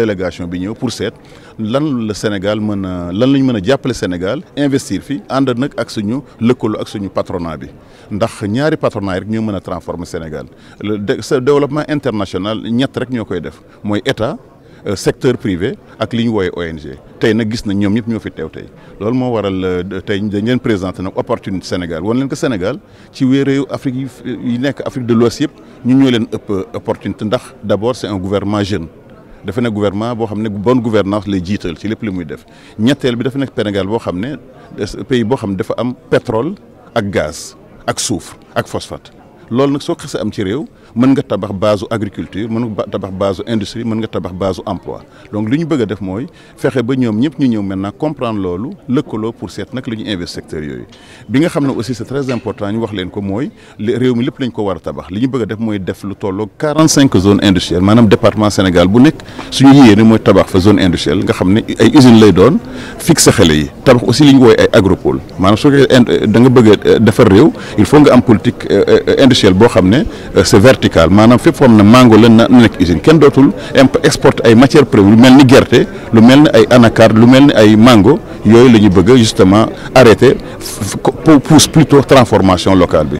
délégation bi ñëw pour seet lan le Sénégal mën lan la ñu mën a Sénégal investir fi and nak ak suñu lëkkaloo ak suñu patronat bi ndax ñaari patronat rek ñoo mëna transformer Sénégal le développement international ñet rek ñokoy def moy état. Euh, secteur privé ak liñ woyé ONG tay nak gis na ñom ñëpp ñoo fi tew tey lool mo waral euh, tay dañ présenter nak opportunité Sénégal won leen ko Sénégal ci wéréu Afrique yi nekk Afrique de l'Ouest yëpp ñu ñoo leen ëpp opportunité ndax d'abord c'est un gouvernement jeune dafa nekk gouvernement bo xamné bonne gouvernance lay jital ci lépp li muy def ñettel bi dafa nekk Sénégal bo xamné pays bo xam dafa am pétrole ak gaz ak soufre ak phosphate loolu nak so xasee am ci réew mën nga tabax base agriculture mën nga tabax base industrie mën nga tabax base emploi donc liñu bëgg def moy fexé ba ñoom ñëpp ñu ñëw maintenant comprendre loolu lëkkaloo pour set nak liñu invest secteur yooyu bi nga xam aussi c'est très important ñu wax leen ko moy réew mi lepp lañ ko wara tabax liñu bëgg def moy def lu tolloo 45 zones industrielles manam département Sénégal bu nek suñu yéene moy tabax fa zone industrielle nga xam ay usine lay doon fixe xale yi tabax aussi li woy ay agropole manam soo da nga bëgg a defar réew il faut nga am politique euh, euh, euh, industrielle euh, c'est boo vertical manam fépp foo mango la na usine ken dotul exporte ay matières premières lu melni ni lu melni ay anacarde lu melni ay mango yoy lañu bëgg justement arrêter pousse plutôt transformation locale